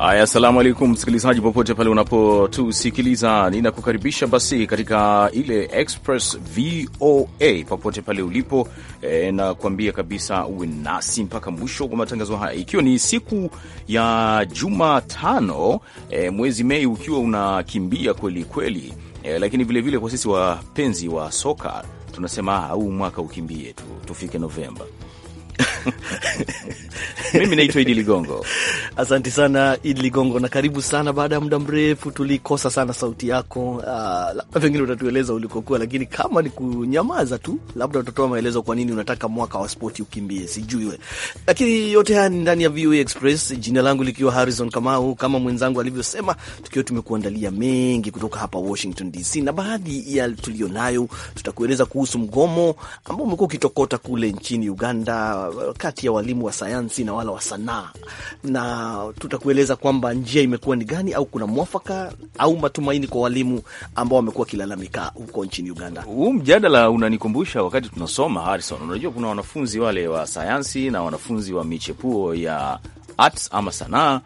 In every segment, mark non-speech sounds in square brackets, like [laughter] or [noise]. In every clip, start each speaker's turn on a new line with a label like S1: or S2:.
S1: Haya, assalamu alaikum msikilizaji, popote pale unapotusikiliza, ninakukaribisha basi katika ile Express VOA popote pale ulipo e, na kuambia kabisa uwe nasi mpaka mwisho kwa matangazo haya, ikiwa ni siku ya Jumatano e, mwezi Mei ukiwa unakimbia kweli kweli e, lakini vilevile vile kwa sisi wapenzi wa soka tunasema au mwaka ukimbie tu tufike Novemba [laughs] Mimi naitwa Idi Ligongo.
S2: Asante sana Idi Ligongo, na karibu sana. Baada ya muda mrefu, tulikosa sana sauti yako. Uh, labda pengine utatueleza ulikokuwa, lakini kama ni kunyamaza tu, labda utatoa maelezo kwa nini unataka mwaka wa spoti ukimbie, sijui. we. Lakini yote haya ni ndani ya VOA Express, jina langu likiwa Harrison Kamau, kama mwenzangu alivyosema, tukiwa tumekuandalia mengi kutoka hapa Washington DC, na baadhi ya tulionayo tutakueleza kuhusu mgomo ambao umekuwa ukitokota kule nchini Uganda, kati ya walimu wa sayansi na wala wa sanaa, na tutakueleza kwamba njia imekuwa ni gani au kuna mwafaka au matumaini kwa walimu ambao wamekuwa wakilalamika huko nchini Uganda. Huu
S1: mjadala unanikumbusha wakati tunasoma, Harrison, unajua kuna wanafunzi wale wa sayansi na wanafunzi wa michepuo ya arts ama sanaa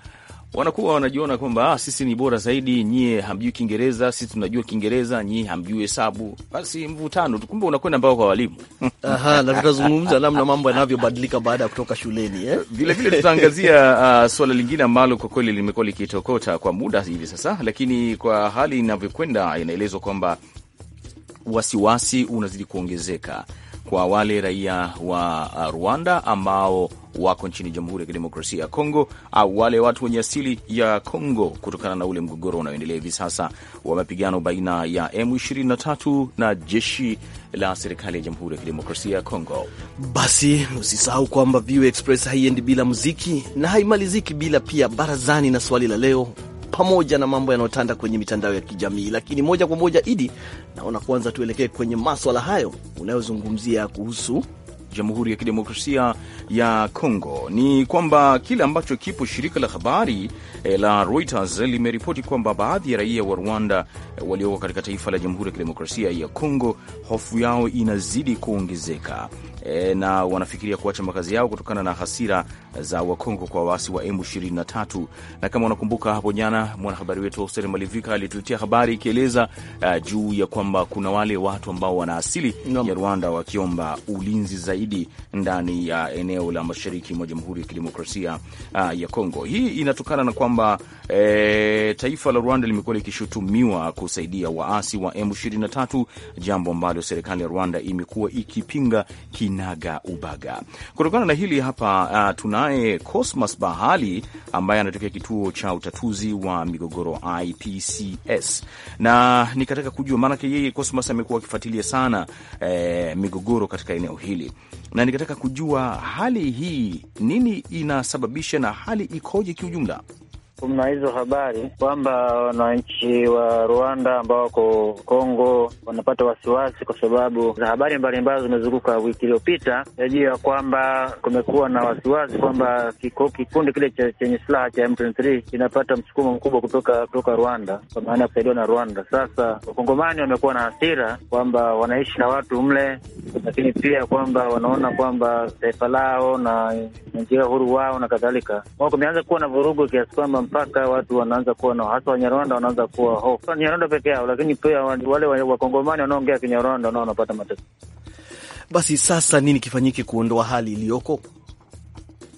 S1: wanakuwa wanajiona kwamba ah, sisi ni bora zaidi, nyie hamjui Kiingereza, sisi tunajua Kiingereza, nyie hamjui hesabu. Basi mvutano tu, kumbe unakwenda mbao kwa walimu. [laughs] Aha, na tutazungumza namna
S2: mambo yanavyobadilika baada ya kutoka shuleni eh? Vilevile [laughs] tutaangazia
S1: uh, [laughs] suala lingine ambalo kwa kweli limekuwa likitokota kwa muda hivi sasa, lakini kwa hali inavyokwenda inaelezwa kwamba wasiwasi unazidi kuongezeka kwa wale raia wa uh, Rwanda ambao wako nchini Jamhuri ya Kidemokrasia ya Kongo au wale watu wenye asili ya Kongo, kutokana na ule mgogoro unaoendelea hivi sasa wa mapigano baina ya M23 na jeshi la serikali ya Jamhuri ya Kidemokrasia ya Kongo. Basi
S2: usisahau kwamba VOA Express haiendi bila muziki na haimaliziki bila pia barazani na swali la leo pamoja na mambo yanayotanda kwenye mitandao ya kijamii. Lakini moja kwa moja, Idi, naona kwanza tuelekee kwenye maswala hayo unayozungumzia kuhusu Jamhuri ya
S1: Kidemokrasia ya Kongo ni kwamba kile ambacho kipo shirika la habari eh, la Reuters limeripoti kwamba baadhi ya raia wa Rwanda eh, walioko katika taifa la Jamhuri ya Kidemokrasia ya Kongo hofu yao inazidi kuongezeka eh, na wanafikiria kuacha makazi yao kutokana na hasira za Wakongo kwa waasi wa M23. Na kama unakumbuka, hapo jana mwanahabari wetu Hosteri Malivika alituletea habari ikieleza uh, juu ya kwamba kuna wale watu ambao wana asili no. ya Rwanda wakiomba ulinzi zaidi ndani ya uh, eneo la mashariki mwa Jamhuri ya Kidemokrasia uh, ya Kongo. Hii inatokana na kwamba E, taifa la Rwanda limekuwa likishutumiwa kusaidia waasi wa M23, jambo ambalo serikali ya Rwanda imekuwa ikipinga kinaga ubaga. Kutokana na hili hapa uh, tuna Naye Cosmas Bahali ambaye anatokea kituo cha utatuzi wa migogoro IPCS, na nikataka kujua maanake yeye Cosmas amekuwa akifuatilia sana eh, migogoro katika eneo hili, na nikataka kujua hali hii nini inasababisha na hali ikoje kiujumla
S3: kuna hizo habari kwamba wananchi wa Rwanda ambao wako Kongo wanapata wasiwasi kwa sababu za habari mbalimbali zimezunguka wiki iliyopita juu ya kwamba kumekuwa na wasiwasi kwamba kikundi kile chenye silaha cha M23 kinapata msukumo mkubwa kutoka kutoka Rwanda, kwa maana ya kusaidiwa na Rwanda. Sasa wakongomani wamekuwa na hasira kwamba wanaishi na watu mle, lakini pia kwamba wanaona kwamba taifa lao na njia huru wao na kadhalika, kumeanza kuwa na vurugu kiasi kwamba mpaka watu wanaanza kuwa na hasa Wanyarwanda wanaanza kuwa hofu, Nyarwanda peke yao, lakini pia wale Wakongomani wanaongea Kinyarwanda nao wanapata mateso.
S2: Basi sasa nini kifanyike kuondoa hali iliyoko?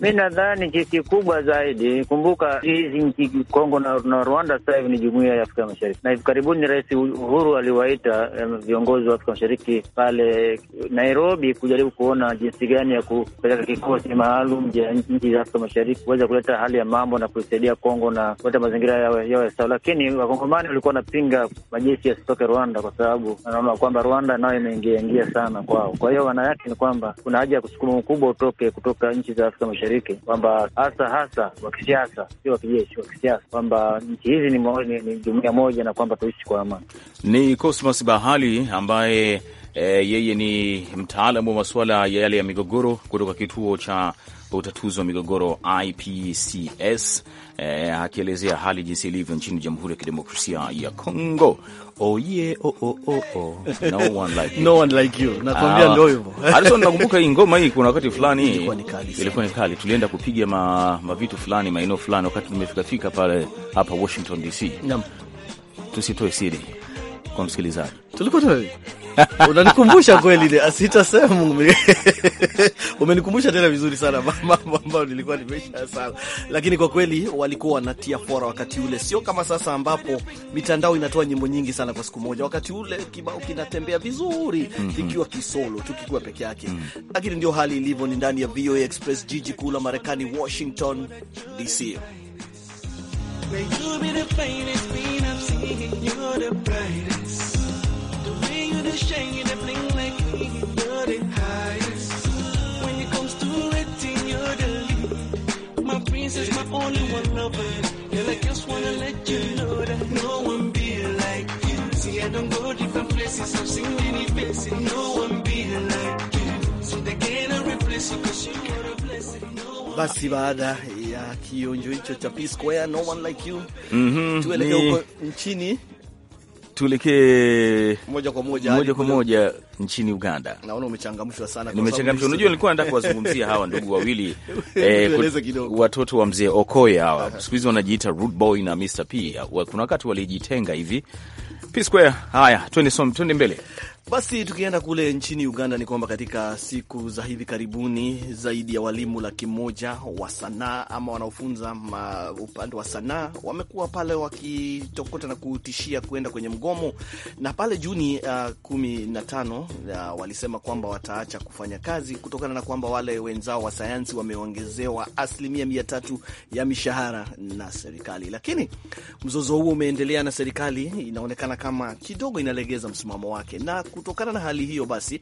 S3: Mi nadhani kesi kubwa zaidi, kumbuka hizi nchi Kongo na, na Rwanda sasa hivi ni jumuia ya Afrika Mashariki, na hivi karibuni Rais Uhuru aliwaita um, viongozi wa Afrika Mashariki pale Nairobi kujaribu kuona jinsi gani ya kupeleka kikosi maalum ja nchi za Afrika Mashariki kuweza kuleta hali ya mambo na kuisaidia Kongo na kuleta mazingira yawe yawe sawa, lakini wakongomani walikuwa wanapinga majeshi yasitoke Rwanda kwa sababu wanaona kwamba Rwanda nayo imeingiaingia sana kwao. Kwa hiyo maana yake ni kwamba kuna haja ya kusukuma mkubwa utoke kutoka nchi za Afrika Mashariki Mashariki, kwamba hasa hasa wa kisiasa, sio wa kijeshi, wa kisiasa, kwamba nchi hizi ni, ni, ni jumuiya moja na kwamba tuishi kwa amani.
S1: Ni Cosmas Bahali ambaye e, yeye ni mtaalamu wa masuala ya yale ya migogoro kutoka kituo cha wa utatuzi wa migogoro IPCS eh, akielezea hali jinsi ilivyo nchini Jamhuri ya Kidemokrasia ya Congo. Oh yeah, oh, oh,
S3: oh, oh. No one like [laughs] No one like you. Nakwambia
S1: ndio ah, hivyo. [laughs] nakumbuka hii ngoma hii kuna wakati fulani ilikuwa ni kali. Tulienda kupiga ma, ma vitu fulani maeneo fulani wakati fika pale hapa Washington DC. Naam. Tusitoe siri kwa msikilizaji.
S2: Tulikuwa unanikumbusha [laughs] kweli, sitasema [laughs] umenikumbusha tena vizuri sana mambo ambayo nilikuwa nimesha sana, lakini kwa kweli walikuwa wanatia fora wakati ule, sio kama sasa ambapo mitandao inatoa nyimbo nyingi sana kwa siku moja. Wakati ule kibao kinatembea vizuri mhm. kikiwa mm -hmm. kisolo tu kikiwa peke yake mm -hmm. lakini ndio hali ilivyo. Ni ndani ya VOA Express, jiji kuu la Marekani, Washington DC.
S4: you the you're the brightest.
S2: The way you the shine, you the bling like me, you're the highest. When it comes to acting, you're the lead. My princess, my only one lover. Girl, I just wanna let you know that no one be like you. See, I don't go different
S4: places, I've seen many faces. No one be like
S2: Basi baada ya kionjo hicho cha P Square no one like you mm -hmm, tuelekee huko nchini tuelekee moja kwa moja moja
S1: kwa moja nchini Uganda.
S2: Naona umechangamshwa sana. Nimechangamshwa, unajua nilikuwa nataka kuwazungumzia
S1: hawa ndugu wawili [laughs] eh, watoto wa mzee Okoye hawa siku hizi wanajiita Rude Boy na Mr P. Kuna wakati walijitenga hivi. P Square. Haya, twende som, twende mbele.
S2: Basi tukienda kule nchini Uganda, ni kwamba katika siku za hivi karibuni zaidi ya walimu laki moja wa sanaa ama wanaofunza upande wa sanaa wamekuwa pale wakitokota na kutishia kuenda kwenye mgomo, na pale Juni uh, kumi na tano uh, walisema kwamba wataacha kufanya kazi kutokana na kwamba wale wenzao wa sayansi wameongezewa asilimia mia tatu ya mishahara na serikali. Lakini mzozo huo umeendelea na serikali inaonekana kama kidogo inalegeza msimamo wake na kutokana na hali hiyo basi,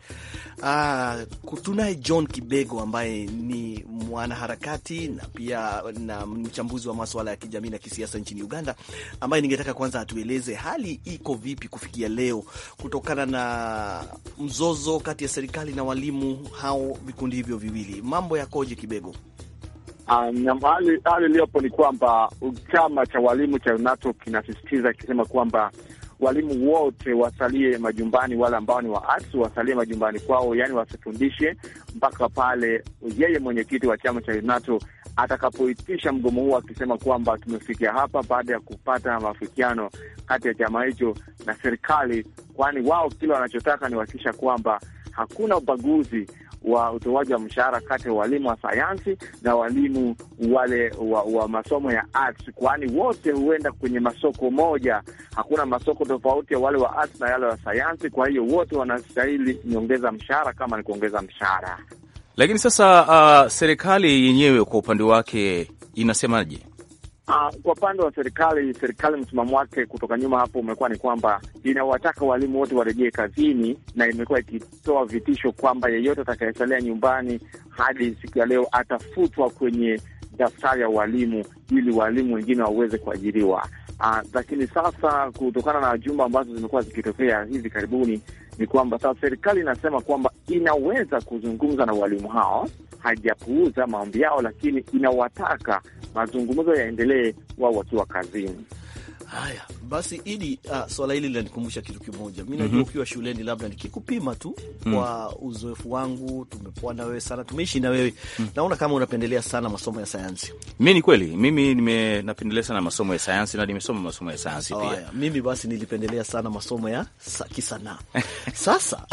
S2: uh, tunaye John Kibego ambaye ni mwanaharakati na pia na mchambuzi wa maswala ya kijamii na kisiasa nchini Uganda, ambaye ningetaka kwanza atueleze hali iko vipi kufikia leo kutokana na mzozo kati ya serikali na walimu hao vikundi hivyo viwili. Mambo yakoje, Kibego?
S5: Ah, hali iliyopo ni kwamba chama cha walimu cha UNATO kinasisitiza ikisema kwamba walimu wote wasalie majumbani, wale ambao ni wa wasalie majumbani kwao, yani wasifundishe mpaka pale yeye mwenyekiti wa chama cha UNATO atakapoitisha mgomo huo, akisema kwamba tumefikia hapa baada ya kupata mafikiano kati ya chama hicho na serikali, kwani wao kile wanachotaka ni kuhakikisha kwamba hakuna ubaguzi wa utoaji wa mshahara kati ya walimu wa sayansi na walimu wale wa, wa masomo ya arts, kwani wote huenda kwenye masoko moja. Hakuna masoko tofauti ya wale wa arts na yale wa sayansi. Kwa hiyo wote wanastahili nyongeza mshahara kama ni kuongeza mshahara.
S1: Lakini sasa, uh, serikali yenyewe kwa upande wake inasemaje?
S5: Ah, kwa upande wa serikali, serikali msimamo wake kutoka nyuma hapo umekuwa ni kwamba inawataka walimu wote warejee kazini, na imekuwa ikitoa vitisho kwamba yeyote atakayesalia nyumbani hadi siku ya leo atafutwa kwenye daftari ya walimu ili walimu wengine waweze kuajiriwa. Ah, lakini sasa kutokana na jumba ambazo zimekuwa zikitokea hivi karibuni, ni kwamba sasa serikali inasema kwamba inaweza kuzungumza na walimu hao hajapuuza maombi yao, lakini inawataka mazungumzo yaendelee wao wakiwa kazini.
S2: Haya basi, Idi, uh, swala hili linanikumbusha kitu kimoja. Mi najua mm -hmm. ukiwa shuleni, labda nikikupima tu mm kwa uzoefu wangu, tumekuwa na wewe sana, tumeishi na wewe mm -hmm. naona kama unapendelea sana masomo ya sayansi.
S1: Mi ni kweli, mimi nime, napendelea sana masomo ya sayansi na nimesoma masomo ya sayansi pia. Haya,
S2: mimi basi nilipendelea sana masomo ya kisanaa. [laughs] Sasa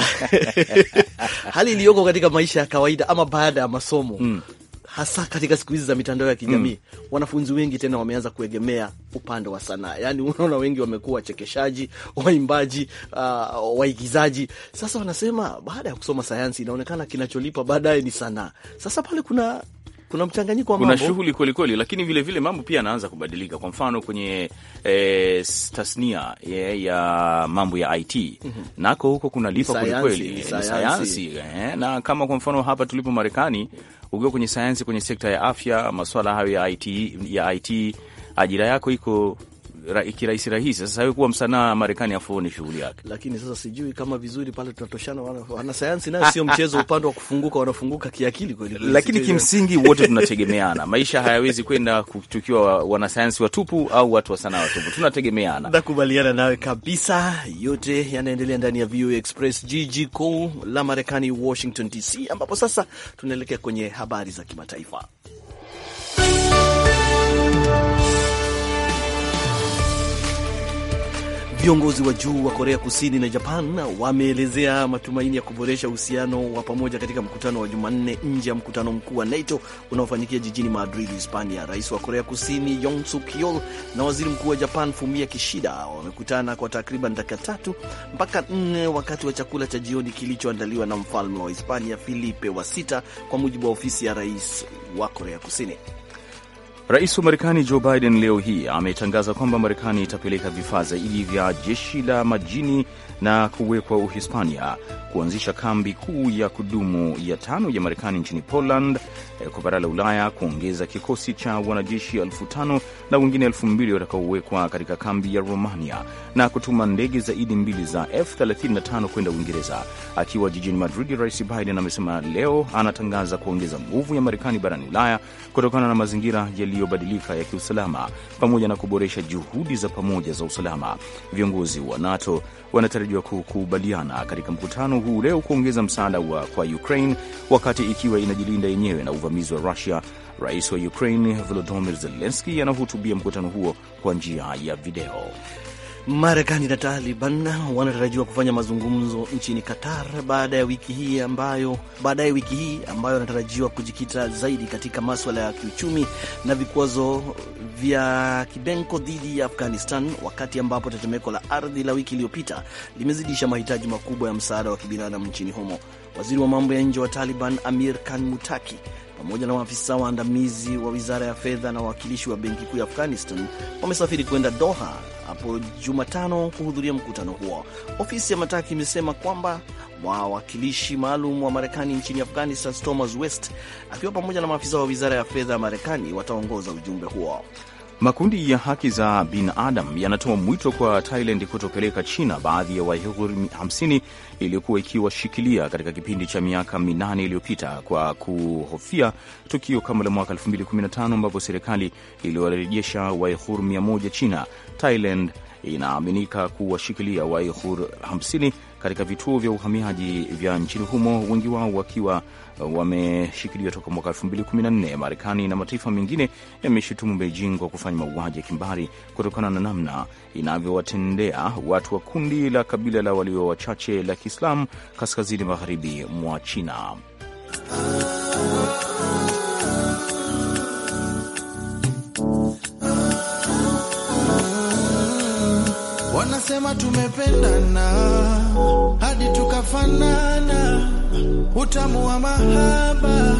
S2: [laughs] hali iliyoko katika maisha ya kawaida ama baada ya masomo mm -hmm hasa katika siku hizi za mitandao ya kijamii mm. Wanafunzi wengi tena wameanza kuegemea upande wa sanaa, yaani [laughs] unaona wengi wamekuwa wachekeshaji, waimbaji, uh, waigizaji. Sasa wanasema baada ya kusoma sayansi inaonekana kinacholipa baadaye ni sanaa. Sasa pale kuna kuna mchanganyiko wa mambo, kuna shughuli
S1: kwelikweli, lakini vilevile vile mambo pia yanaanza kubadilika. Kwa mfano kwenye e, tasnia ya, eh, ya mambo ya IT mm -hmm. nako huko kuna kunalipa kwelikweli, sayansi, sayansi. E, na kama kwa mfano hapa tulipo Marekani ukiwa kwenye sayansi, kwenye sekta ya afya, maswala hayo ya IT, ya IT ajira yako iko kirahisi rahisi. Sasa wewe kuwa msanaa Marekani afuoni shughuli yake,
S2: lakini sasa sijui kama vizuri pale tunatoshana. Wanasayansi nayo sio mchezo, upande wa kufunguka wanafunguka kiakili kweli, [laughs] lakini kimsingi wote
S1: tunategemeana. [laughs] Maisha hayawezi kwenda tukiwa wanasayansi watupu au watu wa sanaa watupu, tunategemeana.
S2: Nakubaliana nawe kabisa. Yote yanaendelea ndani ya VOA Express, jiji kuu la Marekani, Washington DC, ambapo sasa tunaelekea kwenye habari za kimataifa. Viongozi wa juu wa Korea Kusini na Japan wameelezea matumaini ya kuboresha uhusiano wa pamoja katika mkutano wa Jumanne nje ya mkutano mkuu wa NATO unaofanyikia jijini Madrid, Hispania. Rais wa Korea Kusini Yoon Suk Yeol na waziri mkuu wa Japan Fumio Kishida wamekutana kwa takriban dakika tatu mpaka nne wakati wa chakula cha jioni kilichoandaliwa na mfalme wa Hispania Filipe wa sita, kwa mujibu wa ofisi ya rais wa Korea Kusini.
S1: Rais wa Marekani Joe Biden leo hii ametangaza kwamba Marekani itapeleka vifaa zaidi vya jeshi la majini na kuwekwa Uhispania kuanzisha kambi kuu ya kudumu ya tano ya Marekani nchini Poland, eh, kwa bara la Ulaya kuongeza kikosi cha wanajeshi elfu tano na wengine elfu mbili watakaowekwa katika kambi ya Romania na kutuma ndege zaidi mbili za F35 kwenda Uingereza. Akiwa jijini Madrid, Rais Biden amesema leo anatangaza kuongeza nguvu ya Marekani barani Ulaya kutokana na mazingira yaliyobadilika ya kiusalama pamoja na kuboresha juhudi za pamoja za usalama. Viongozi wa NATO wanatarajiwa kukubaliana katika mkutano huu leo kuongeza msaada wa kwa Ukraine wakati ikiwa inajilinda yenyewe na uvamizi wa Rusia. Rais wa Ukraine Volodymyr Zelenski anahutubia mkutano huo kwa njia ya video.
S2: Marekani na Taliban wanatarajiwa kufanya mazungumzo nchini Qatar baada ya wiki hii ambayo baadaye wiki hii ambayo wanatarajiwa kujikita zaidi katika maswala ya kiuchumi na vikwazo vya kibenko dhidi ya Afghanistan, wakati ambapo tetemeko la ardhi la wiki iliyopita limezidisha mahitaji makubwa ya msaada wa kibinadamu nchini humo. Waziri wa mambo ya nje wa Taliban Amir Khan Mutaki pamoja na maafisa waandamizi wa wizara ya fedha na wawakilishi wa benki kuu ya Afghanistan wamesafiri kwenda Doha hapo Jumatano kuhudhuria mkutano huo. Ofisi ya Mataki imesema kwamba mwawakilishi maalum wa Marekani nchini Afghanistan Thomas West akiwa pamoja na maafisa wa wizara ya fedha ya Marekani wataongoza ujumbe huo.
S1: Makundi ya haki za binadamu yanatoa mwito kwa Thailand kutopeleka China baadhi ya Waihur 50 iliyokuwa ikiwashikilia katika kipindi cha miaka minane iliyopita kwa kuhofia tukio kama la mwaka 2015 ambapo serikali iliwarejesha Waihur 100 China. Thailand inaaminika kuwashikilia Waihur 50 katika vituo vya uhamiaji vya nchini humo, wengi wao wakiwa uh, wameshikiliwa toka mwaka 2014. Marekani na mataifa mengine yameshutumu Beijing kwa kufanya mauaji ya kimbari kutokana na namna inavyowatendea watu wa kundi la kabila la walio wachache la Kiislamu kaskazini magharibi mwa China. wanasema tumependana hadi tukafanana, utamu wa mahaba,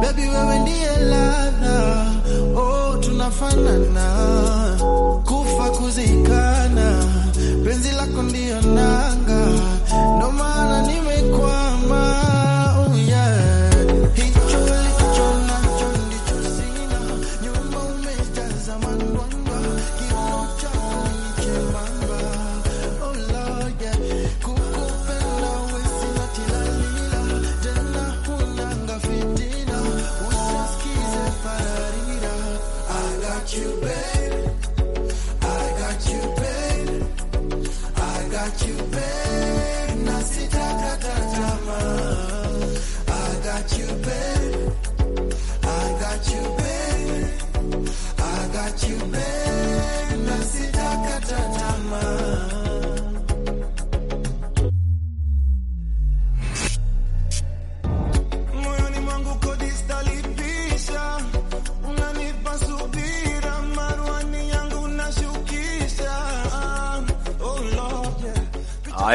S4: bebi wewe ndiye ladha, oh tunafanana, kufa kuzikana, penzi lako ndiyo nanga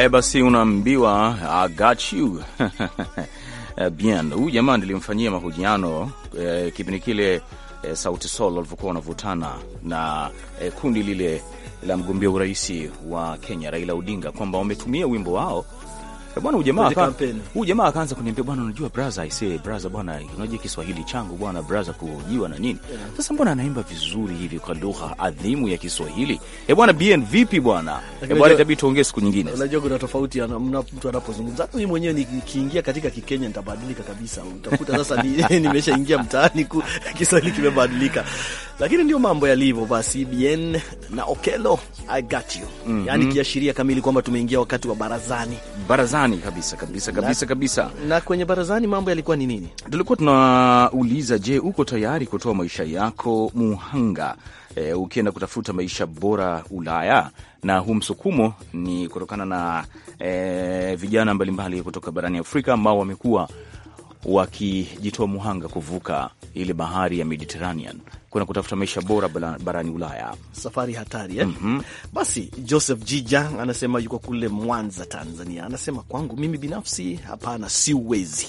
S1: Haya basi, unaambiwa I got you [laughs] bien. Huyu jamaa nilimfanyia mahojiano eh, kipindi kile eh, Sauti Sol walivyokuwa wanavutana na eh, kundi lile la mgombea urais wa Kenya Raila Odinga kwamba wametumia wimbo wao Eh, bwana huyu jamaa akaanza kuniambia bwana, unajua braza, aisee braza bwana, unajua Kiswahili changu bwana, braza kujiwa na nini yeah. Sasa mbona anaimba vizuri hivi kwa lugha adhimu ya Kiswahili eh bwana, BN vipi bwana eh bwana, itabidi tuongee siku nyingine.
S2: Unajua kuna tofauti mtu anapozungumza. mimi mwenyewe nikiingia katika Kikenya nitabadilika kabisa, utakuta sasa [laughs] nimeshaingia mtaani, Kiswahili kimebadilika lakini ndio mambo yalivyo. Basi BN na Okelo I got you mm -hmm. Yani kiashiria kamili kwamba tumeingia wakati wa barazani, barazani kabisa kabisa kabisa kabisa. Na kwenye barazani mambo yalikuwa ni nini?
S1: Tulikuwa tunauliza, je, uko tayari kutoa maisha yako muhanga e, ukienda kutafuta maisha bora Ulaya? Na huu msukumo ni kutokana na e, vijana mbalimbali mbali kutoka barani Afrika ambao wamekuwa wakijitoa muhanga kuvuka ile bahari ya Mediterranean kuna kutafuta maisha bora barani Ulaya.
S2: Safari hatari eh? mm -hmm. Basi Joseph Jija anasema yuko kule Mwanza, Tanzania, anasema kwangu mimi binafsi hapana, si uwezi.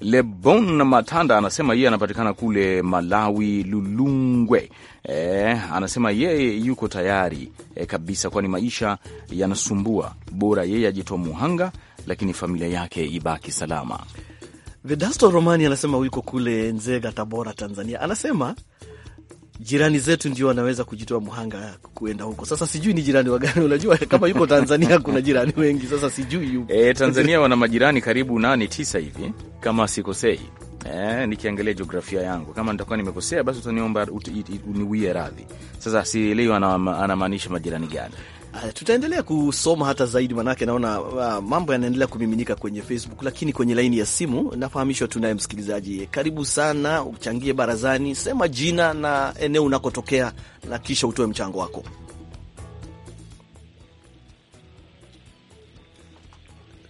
S2: Lebon Matanda
S1: anasema yeye anapatikana kule Malawi, Lulungwe. E, anasema yeye yuko tayari e, kabisa, kwani maisha yanasumbua. Bora yeye ajitoa muhanga, lakini familia yake ibaki salama.
S2: Vedasto Romani anasema wiko kule Nzega, Tabora, Tanzania. Anasema jirani zetu ndio wanaweza kujitoa mhanga kuenda huko. Sasa sijui ni jirani wagani, unajua kama yuko Tanzania [laughs] kuna jirani wengi, sasa sijui yupo e, Tanzania
S1: wana majirani karibu nane tisa hivi kama sikosei. E, nikiangalia jiografia yangu kama nitakuwa nimekosea basi utaniomba uniwie radhi. Sasa sielewi anamaanisha majirani gani.
S2: Tutaendelea kusoma hata zaidi, manake naona uh, mambo yanaendelea kumiminika kwenye Facebook, lakini kwenye laini ya simu nafahamishwa tunaye msikilizaji. Karibu sana, uchangie barazani, sema jina na eneo unakotokea na kisha utoe mchango wako.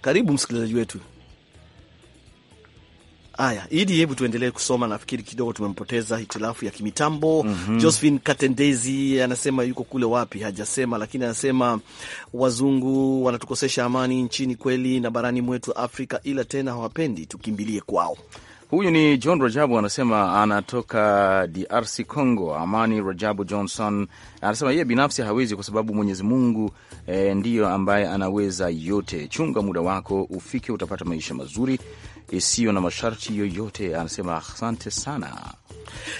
S2: Karibu msikilizaji wetu. Haya, Idi, hebu tuendelee kusoma. Nafikiri kidogo tumempoteza hitilafu ya kimitambo mm -hmm. Josephine Katendezi anasema yuko kule wapi, hajasema, lakini anasema wazungu wanatukosesha amani nchini kweli na barani mwetu Afrika, ila tena hawapendi tukimbilie kwao. Huyu ni
S1: John Rajabu anasema anatoka DRC Congo. Amani Rajabu Johnson anasema yeye binafsi hawezi kwa sababu Mwenyezi Mungu e, ndiyo ambaye anaweza yote. Chunga muda wako ufike, utapata maisha mazuri isiyo na masharti yoyote. Anasema
S2: asante sana.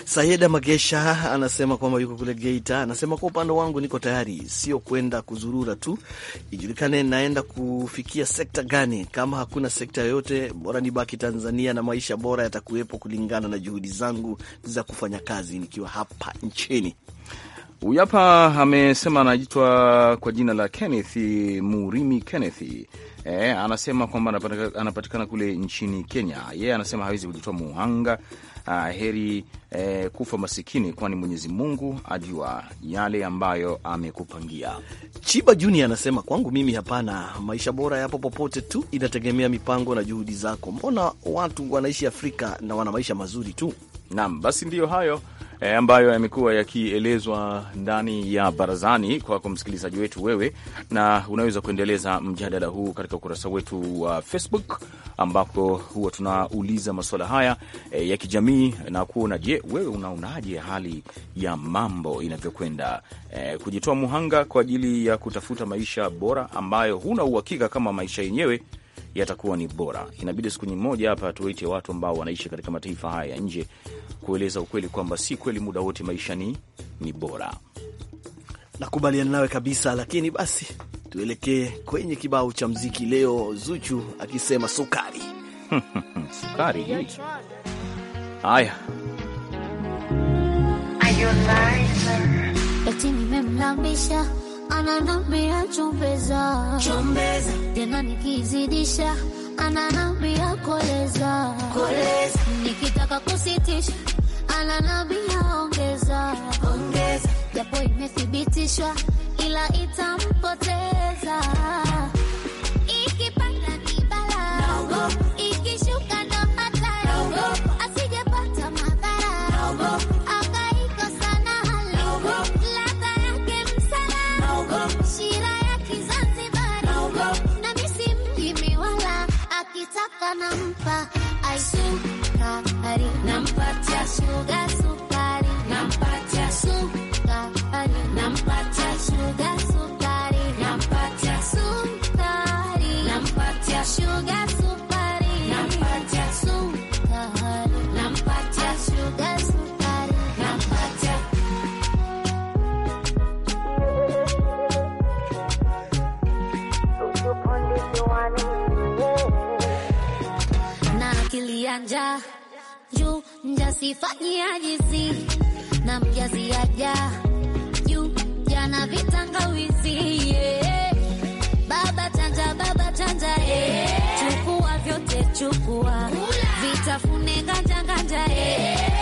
S2: Sayeda Magesha anasema kwamba yuko kule Geita. Anasema kwa upande wangu niko tayari, sio kwenda kuzurura tu, ijulikane naenda kufikia sekta gani. Kama hakuna sekta yoyote, bora nibaki Tanzania na maisha bora yatakuwepo kulingana na juhudi zangu za kufanya kazi nikiwa hapa nchini. Huyu
S1: hapa amesema anaitwa kwa jina la Kenneth Murimi Kenneth. E, anasema kwamba anapatikana kule nchini Kenya. Yeye anasema hawezi kujitoa muhanga. Ah, heri eh, kufa masikini, kwani Mwenyezi Mungu ajua yale
S2: ambayo amekupangia. Chiba Junior anasema kwangu mimi hapana, maisha bora yapo popote tu, inategemea mipango na juhudi zako. Mbona watu wanaishi Afrika na wana maisha mazuri tu? Naam, basi ndiyo hayo e, ambayo yamekuwa yakielezwa ndani
S1: ya barazani kwako msikilizaji wetu wewe, na unaweza kuendeleza mjadala huu katika ukurasa wetu wa uh, Facebook ambapo huwa tunauliza masuala haya e, ya kijamii na kuona, je, wewe unaonaje hali ya mambo inavyokwenda, e, kujitoa muhanga kwa ajili ya kutafuta maisha bora ambayo huna uhakika kama maisha yenyewe yatakuwa ni bora. Inabidi siku moja hapa tuwaite watu ambao wanaishi katika mataifa
S2: haya ya nje kueleza ukweli kwamba si kweli muda wote maisha ni, ni bora. Nakubaliana nawe kabisa, lakini basi tuelekee kwenye kibao cha mziki leo, Zuchu akisema sukari. [laughs] Sukari eh? haya
S4: ananambia chumbeza, chumbeza tena nikizidisha ananambia koleza koleza, nikitaka kusitisha ananambia ongeza ongeza, japo imethibitishwa ila itampoteza Sugar. sifanyi ajizi na mjazi aja juu jana vitangawizi Baba chanja baba chanja yeah. Chukua vyote chukua vitafune nganja nganja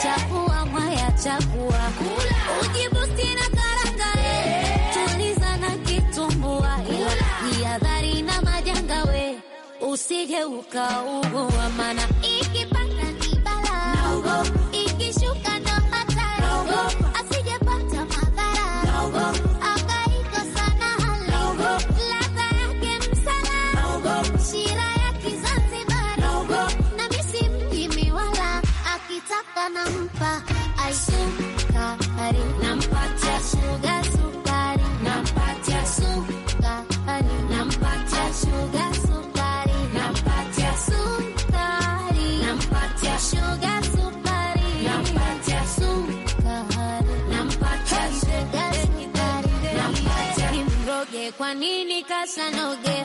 S4: Chakua mwaya chakua ujibu sina karanga yeah. Tuliza na kitumbua ila jihadhari na majanga we usije ukaugua mana Kwa nini kasanoge?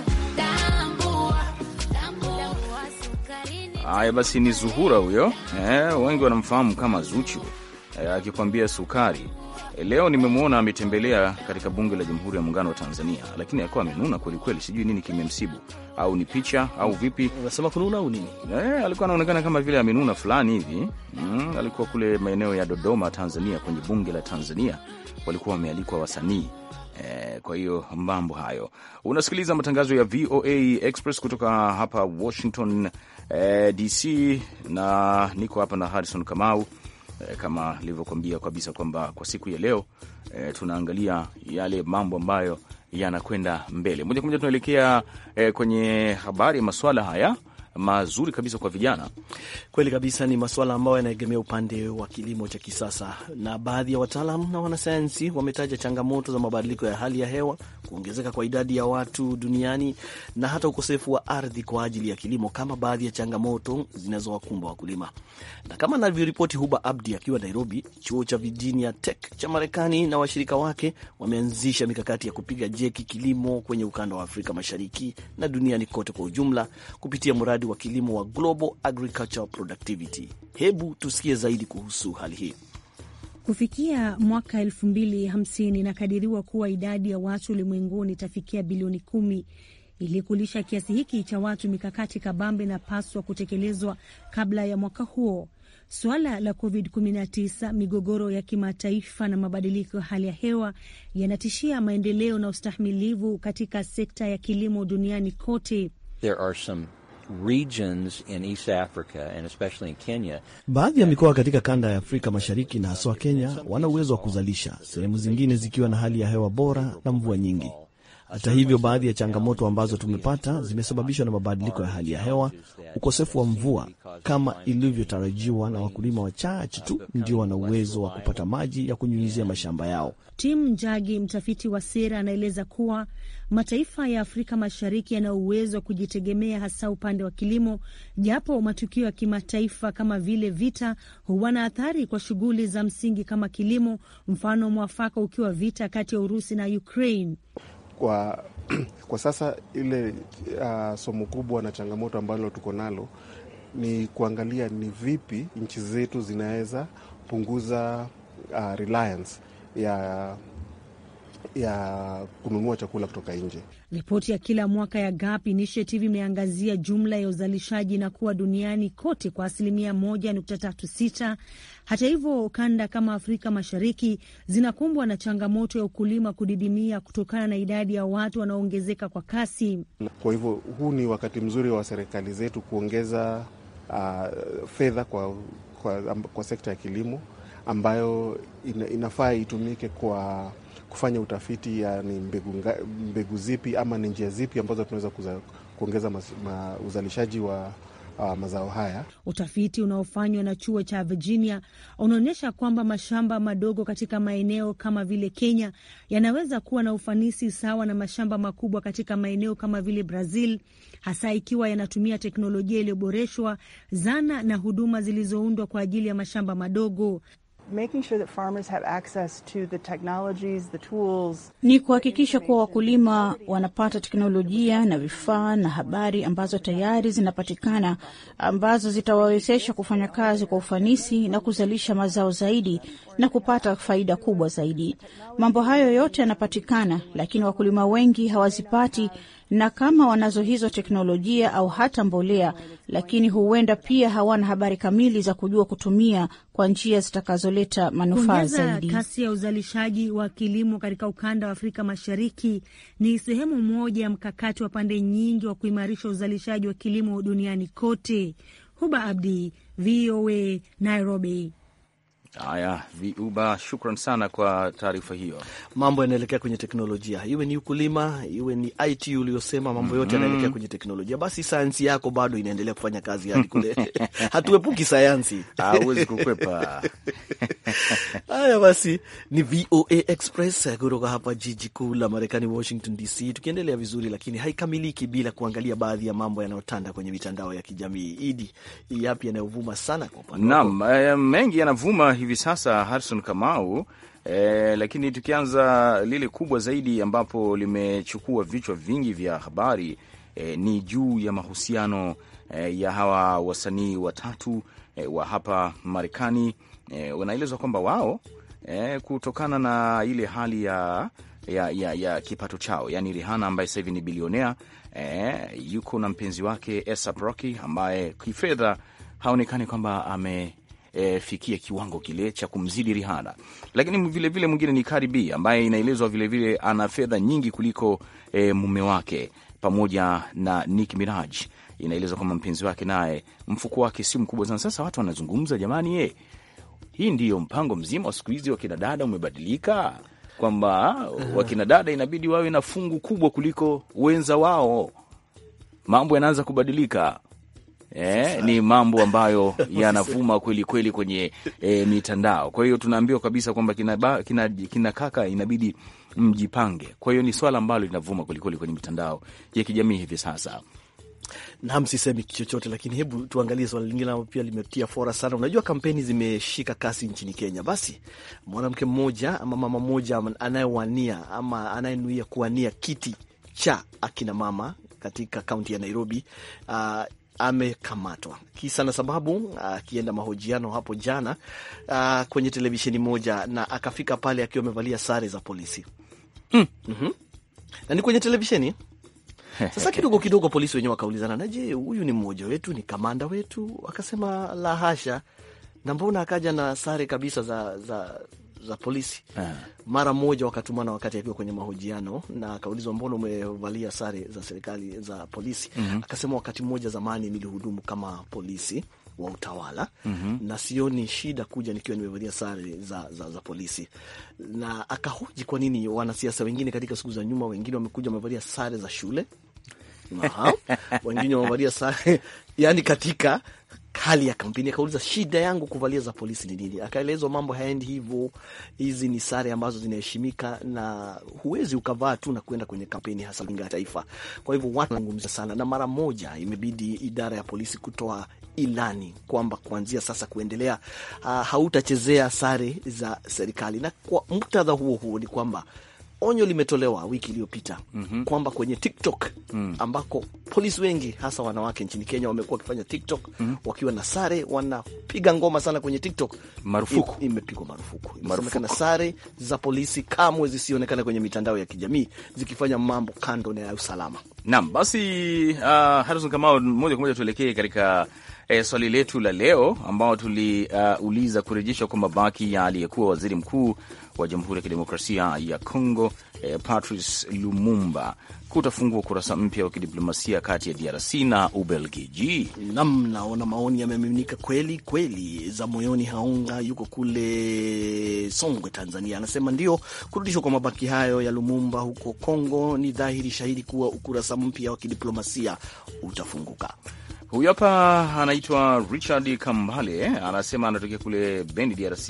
S1: Haya basi, ni Zuhura huyo eh, wengi wanamfahamu kama Zuchu eh, akikwambia eh, sukari Leo nimemwona ametembelea katika bunge la Jamhuri ya Muungano wa Tanzania, lakini alikuwa amenuna kwelikweli, sijui nini kimemsibu, au ni picha au vipi? Unasema kununa au nini? E, alikuwa anaonekana kama vile amenuna fulani hivi mm. Alikuwa kule maeneo ya Dodoma, Tanzania, kwenye bunge la Tanzania walikuwa wamealikwa wasanii eh, kwa hiyo mambo hayo. Unasikiliza matangazo ya VOA Express kutoka hapa Washington eh, DC, na niko hapa na Harrison Kamau Eh, kama nilivyokuambia kabisa kwamba kwa siku ya leo e, tunaangalia yale mambo ambayo yanakwenda mbele. Moja kwa moja tunaelekea e, kwenye habari ya masuala haya mazuri kabisa kwa vijana.
S2: Kweli kabisa, ni masuala ambayo yanaegemea upande wa kilimo cha kisasa, na baadhi ya wataalam na wanasayansi wametaja changamoto za mabadiliko ya hali ya hewa, kuongezeka kwa idadi ya watu duniani na hata ukosefu wa ardhi kwa ajili ya kilimo kama baadhi ya changamoto zinazowakumba wakulima. Na kama anavyoripoti Huba Abdi akiwa Nairobi, chuo cha Virginia Tech cha Marekani na washirika wake wameanzisha mikakati ya kupiga jeki kilimo kwenye ukanda wa Afrika Mashariki na duniani kote kwa ujumla kupitia mradi mradi wa kilimo wa Global Agricultural Productivity. Hebu tusikie zaidi kuhusu hali hii.
S6: Kufikia mwaka 2050 inakadiriwa kuwa idadi ya watu ulimwenguni itafikia bilioni kumi. Ili kulisha kiasi hiki cha watu, mikakati kabambe inapaswa kutekelezwa kabla ya mwaka huo. Suala la COVID-19, migogoro ya kimataifa na mabadiliko ya hali ya hewa yanatishia maendeleo na ustahimilivu katika sekta ya kilimo duniani kote. There are some regions in East Africa and especially in Kenya. Baadhi
S2: ya mikoa katika kanda ya Afrika Mashariki na haswa Kenya wana uwezo wa kuzalisha, sehemu zingine zikiwa na hali ya hewa bora na mvua nyingi. Hata hivyo, baadhi ya changamoto ambazo tumepata zimesababishwa na mabadiliko ya hali ya hewa, ukosefu wa mvua kama ilivyotarajiwa, na wakulima wachache tu ndio wana uwezo wa kupata maji ya kunyunyizia mashamba yao.
S6: Tim Njagi, mtafiti wa sera, anaeleza kuwa mataifa ya Afrika Mashariki yana uwezo wa kujitegemea, hasa upande wa kilimo, japo matukio ya kimataifa kama vile vita huwa na athari kwa shughuli za msingi kama kilimo, mfano mwafaka ukiwa vita kati ya Urusi na Ukraine
S5: kwa, [clears throat] kwa sasa ile uh, somo kubwa na changamoto ambalo tuko nalo ni kuangalia ni vipi nchi zetu zinaweza punguza uh, reliance ya ya kununua chakula kutoka nje.
S6: Ripoti ya kila mwaka ya GAP Initiative imeangazia jumla ya uzalishaji na kuwa duniani kote kwa asilimia 1.36 hata hivyo, kanda kama Afrika Mashariki zinakumbwa na changamoto ya ukulima kudidimia kutokana na idadi ya watu wanaoongezeka kwa kasi.
S5: Kwa hivyo, huu ni wakati mzuri wa serikali zetu kuongeza uh, fedha kwa, kwa, kwa sekta ya kilimo ambayo ina, inafaa itumike kwa kufanya utafiti, ni mbegu, mbegu zipi ama ni njia zipi ambazo tunaweza kuongeza uzalishaji wa uh, mazao haya.
S6: Utafiti unaofanywa na chuo cha Virginia unaonyesha kwamba mashamba madogo katika maeneo kama vile Kenya yanaweza kuwa na ufanisi sawa na mashamba makubwa katika maeneo kama vile Brazil, hasa ikiwa yanatumia teknolojia iliyoboreshwa, zana na huduma zilizoundwa kwa ajili ya mashamba madogo ni kuhakikisha kuwa wakulima wanapata teknolojia na vifaa na habari ambazo tayari zinapatikana ambazo zitawawezesha kufanya kazi kwa ufanisi na kuzalisha mazao zaidi na kupata faida kubwa zaidi. Mambo hayo yote yanapatikana, lakini wakulima wengi hawazipati na kama wanazo hizo teknolojia au hata mbolea, lakini huenda pia hawana habari kamili za kujua kutumia kwa njia zitakazoleta manufaa zaidi. Kasi ya uzalishaji wa kilimo katika ukanda wa Afrika Mashariki ni sehemu moja ya mkakati wa pande nyingi wa kuimarisha uzalishaji wa kilimo duniani kote. Huba Abdi, VOA, Nairobi.
S1: Haya, Viuba, shukran sana kwa taarifa hiyo.
S2: Mambo yanaelekea kwenye teknolojia, iwe ni ukulima, iwe ni IT uliosema, mambo yote mm-hmm. yanaelekea mm -hmm. kwenye teknolojia. Basi sayansi yako bado inaendelea kufanya kazi hadi kule [laughs] hatuepuki sayansi, huwezi kukwepa [laughs] haya. Basi ni VOA Express kutoka hapa jiji kuu la Marekani, Washington DC, tukiendelea vizuri, lakini haikamiliki bila kuangalia baadhi ya mambo yanayotanda kwenye mitandao ya kijamii. Idi, yapi yanayovuma sana kwa
S1: upande wako? Naam, eh, mengi yanavuma hivi sasa Harrison Kamau. E, lakini tukianza lile kubwa zaidi ambapo limechukua vichwa vingi vya habari e, ni juu ya mahusiano e, ya hawa wasanii watatu e, wa hapa Marekani e, wanaelezwa kwamba wao e, kutokana na ile hali ya ya, ya, ya kipato chao, yani Rihanna ambaye sasa hivi ni bilionea e, yuko na mpenzi wake Asap Rocky ambaye kifedha haonekani kwamba ame e, fikia kiwango kile cha kumzidi Rihanna. Lakini vilevile mwingine ni Cardi B ambaye inaelezwa vilevile ana fedha nyingi kuliko e, mume wake pamoja na Nicki Minaj. Inaelezwa kwamba mpenzi wake naye mfuko wake si mkubwa sana. Sasa watu wanazungumza, jamani, ye, eh, hii ndiyo mpango mzima wa siku hizi wakina dada umebadilika kwamba wakina dada inabidi wawe na fungu kubwa kuliko wenza wao. Mambo yanaanza kubadilika eh, ni mambo ambayo [laughs] yanavuma kweli kweli kwenye eh, mitandao. Kwa hiyo tunaambiwa kabisa kwamba kina, kina, kina kaka inabidi mjipange. Kwa hiyo ni swala ambalo linavuma kweli kweli kwenye mitandao ya kijamii hivi sasa.
S2: Nam, sisemi chochote, lakini hebu tuangalie swala lingine ambalo pia limetia fora sana. Unajua, kampeni zimeshika kasi nchini Kenya. Basi mwanamke mmoja ama mama mmoja anayewania ama anayenuia kuwania kiti cha akina mama katika kaunti ya Nairobi, uh, amekamatwa. Kisa na sababu, akienda mahojiano hapo jana a, ah, kwenye televisheni moja, na akafika pale akiwa amevalia sare za polisi mm. Mm -hmm. Mhm. na ni kwenye televisheni sasa kidogo kidogo polisi wenyewe wakaulizana, na je, huyu ni mmoja wetu? Ni kamanda wetu? Akasema la hasha, na mbona akaja na sare kabisa za, za, za polisi Aha. Mara moja wakatumana wakati akiwa kwenye mahojiano, na akaulizwa mbona umevalia sare za serikali za polisi? mm -hmm. Akasema wakati mmoja zamani nilihudumu kama polisi wa utawala mm -hmm. na sioni shida kuja nikiwa nimevalia sare za, za, za polisi. Na akahoji kwa nini wanasiasa wengine katika siku za nyuma, wengine wamekuja wamevalia sare za shule [laughs] wengine wamevalia sare yani katika hali ya kampeni. Akauliza, shida yangu kuvalia za polisi ni nini? Akaelezwa mambo hayaendi hivyo, hizi ni sare ambazo zinaheshimika na huwezi ukavaa tu na kuenda kwenye kampeni, hasa linga ya taifa. Kwa hivyo watu wanazungumza sana, na mara moja imebidi idara ya polisi kutoa ilani kwamba kuanzia sasa kuendelea, uh, hautachezea sare za serikali. Na kwa muktadha huo huo ni kwamba onyo limetolewa wiki iliyopita mm -hmm. kwamba kwenye TikTok mm ambako polisi wengi hasa wanawake nchini Kenya wamekuwa wakifanya TikTok mm -hmm. wakiwa na sare, wanapiga ngoma sana kwenye TikTok, marufuku imepigwa marufuku. Imesemekana sare za polisi kamwe zisionekane kwenye mitandao ya kijamii zikifanya mambo kando na ya usalama.
S1: Naam, basi uh, Harrison Kamau, moja kwa moja tuelekee katika e, swali letu la leo ambao tuliuliza uh, kurejeshwa kwa mabaki ya aliyekuwa waziri mkuu wa Jamhuri ya Kidemokrasia ya congo e, eh, Patrice Lumumba kutafungua ukurasa mpya wa kidiplomasia kati ya DRC na Ubelgiji.
S2: Nam, naona maoni yamemiminika kweli kweli. za moyoni haunga yuko kule Songwe, Tanzania, anasema ndio kurudishwa kwa mabaki hayo ya Lumumba huko congo ni dhahiri shahidi kuwa ukurasa mpya wa kidiplomasia utafunguka.
S1: Huyu hapa anaitwa Richard Kambale, anasema anatokea kule Beni, DRC.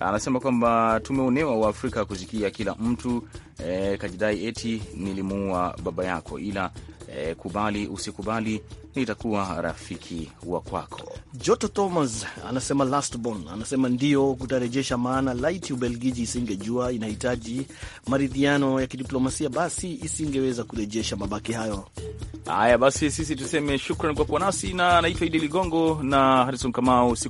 S1: Anasema kwamba tumeonewa Waafrika kusikia kila mtu e, kajidai eti nilimuua baba yako, ila eh, kubali usikubali, nitakuwa rafiki wa kwako.
S2: Joto Thomas anasema Lastborn anasema ndio kutarejesha, maana lit Ubelgiji isingejua inahitaji maridhiano ya kidiplomasia, basi isingeweza kurejesha mabaki hayo.
S1: Haya basi, sisi tuseme shukran kwa kuwa nasi, na naitwa Idi Ligongo na harison Kamau.